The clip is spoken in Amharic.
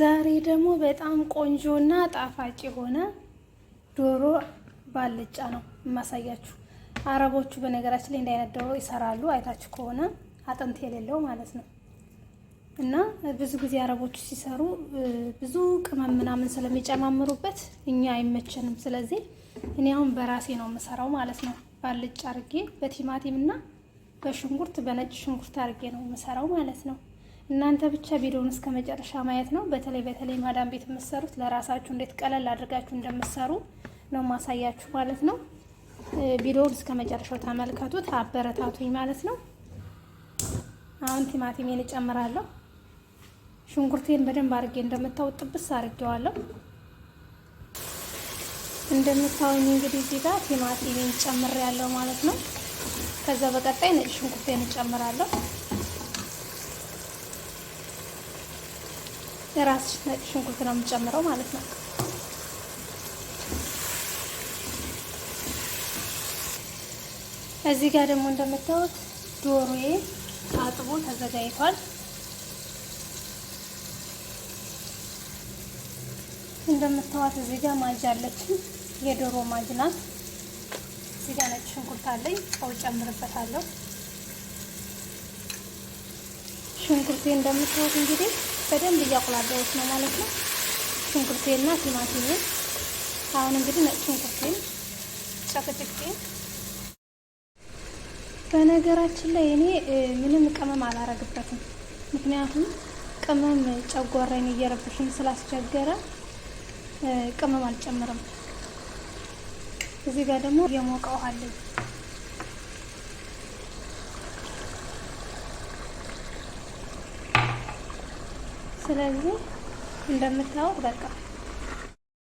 ዛሬ ደግሞ በጣም እና ጣፋጭ የሆነ ዶሮ ባልጫ ነው የማሳያችሁ። አረቦቹ በነገራችን ላይ እንዲህ አይነት ዶሮ ይሰራሉ፣ አይታችሁ ከሆነ አጥንት የሌለው ማለት ነው። እና ብዙ ጊዜ አረቦቹ ሲሰሩ ብዙ ቅመም ምናምን ስለሚጨማምሩበት እኛ አይመቸንም። ስለዚህ እኔ አሁን በራሴ ነው የምሰራው ማለት ነው። ባልጫ አርጌ በቲማቲም እና በሽንኩርት በነጭ ሽንኩርት አርጌ ነው የምሰራው ማለት ነው። እናንተ ብቻ ቪዲዮውን እስከ መጨረሻ ማየት ነው። በተለይ በተለይ ማዳም ቤት የምትሰሩት ለራሳችሁ እንዴት ቀለል አድርጋችሁ እንደምትሰሩ ነው ማሳያችሁ ማለት ነው። ቪዲዮውን እስከ መጨረሻው ተመልከቱት፣ አበረታቱኝ ማለት ነው። አሁን ቲማቲሜን እጨምራለሁ። ሽንኩርቴን በደንብ አድርጌ እንደምታውጥ ጥብስ አድርጌዋለሁ። እንደምታወኝ እንግዲህ እዚህ ጋር ቲማቲሜን ጨምሬያለሁ ማለት ነው። ከዛ በቀጣይ ነጭ ሽንኩርቴን እጨምራለሁ። የራስሽ ነጭ ሽንኩርት ነው የምጨምረው ማለት ነው። እዚህ ጋር ደግሞ እንደምታዩት ዶሮዬ ታጥቦ ተዘጋጅቷል። እንደምታዩት እዚህ ጋር ማጅ አለችን፣ የዶሮ ማጅ ናት። እዚህ ጋር ነጭ ሽንኩርት አለኝ፣ ጨው ጨምርበታለሁ። ሽንኩርቴ እንደምታዩት እንግዲህ በደንብ እያቁላላሁት ነው ማለት ነው። ሽንኩርቴና ቲማቲሜን አሁን እንግዲህ ነጭ ሽንኩርቴን ጨቅጭቄ በነገራችን ላይ እኔ ምንም ቅመም አላረግበትም። ምክንያቱም ቅመም ጨጓራዬን እየረብሽኝ ስላስቸገረ ቅመም አልጨምርም። እዚህ ጋር ደግሞ የሞቀ ውሃ አለኝ። ስለዚህ እንደምታወቅ በቃ